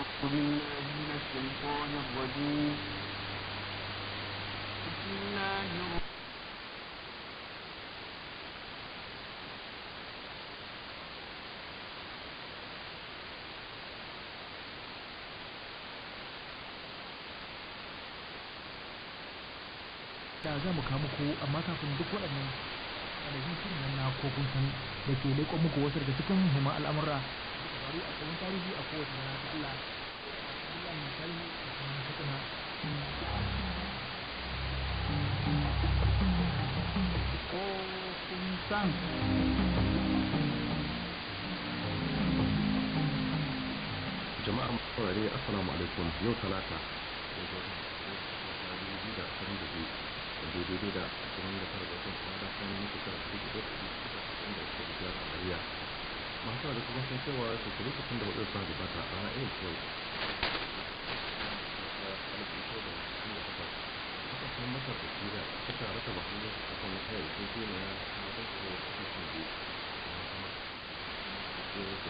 أعوذ بالله من الشيطان الرجيم بسم الله الرحمن da za mu kawo muku amma kafin duk waɗannan alhikin nan na kokun san da ke leƙo muku wasu daga cikin muhimman al'amura hari aku mencari di aku sebenarnya aku pulang dia mencari aku mencari Jemaah Mahfari, Assalamualaikum. Yo Salata. Jadi, jadi, jadi, jadi, jadi, jadi, jadi, jadi, jadi, jadi, jadi, jadi kuma da kuma san cewa shekaru sittin da hudu suna gabata a ranar irin cewa aka san masa da kira ta raka ba hanyar a kan wata yarjejeniya na zai kuma kasashen